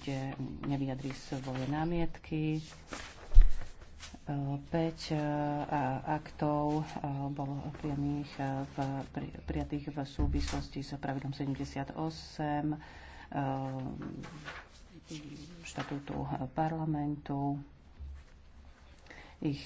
bude, nevyjadrí svoje námietky. 5 ehm, ehm, aktov ehm, bolo priamých v, pri, prijatých v súvislosti s pravidlom 78 štatútu parlamentu. Ich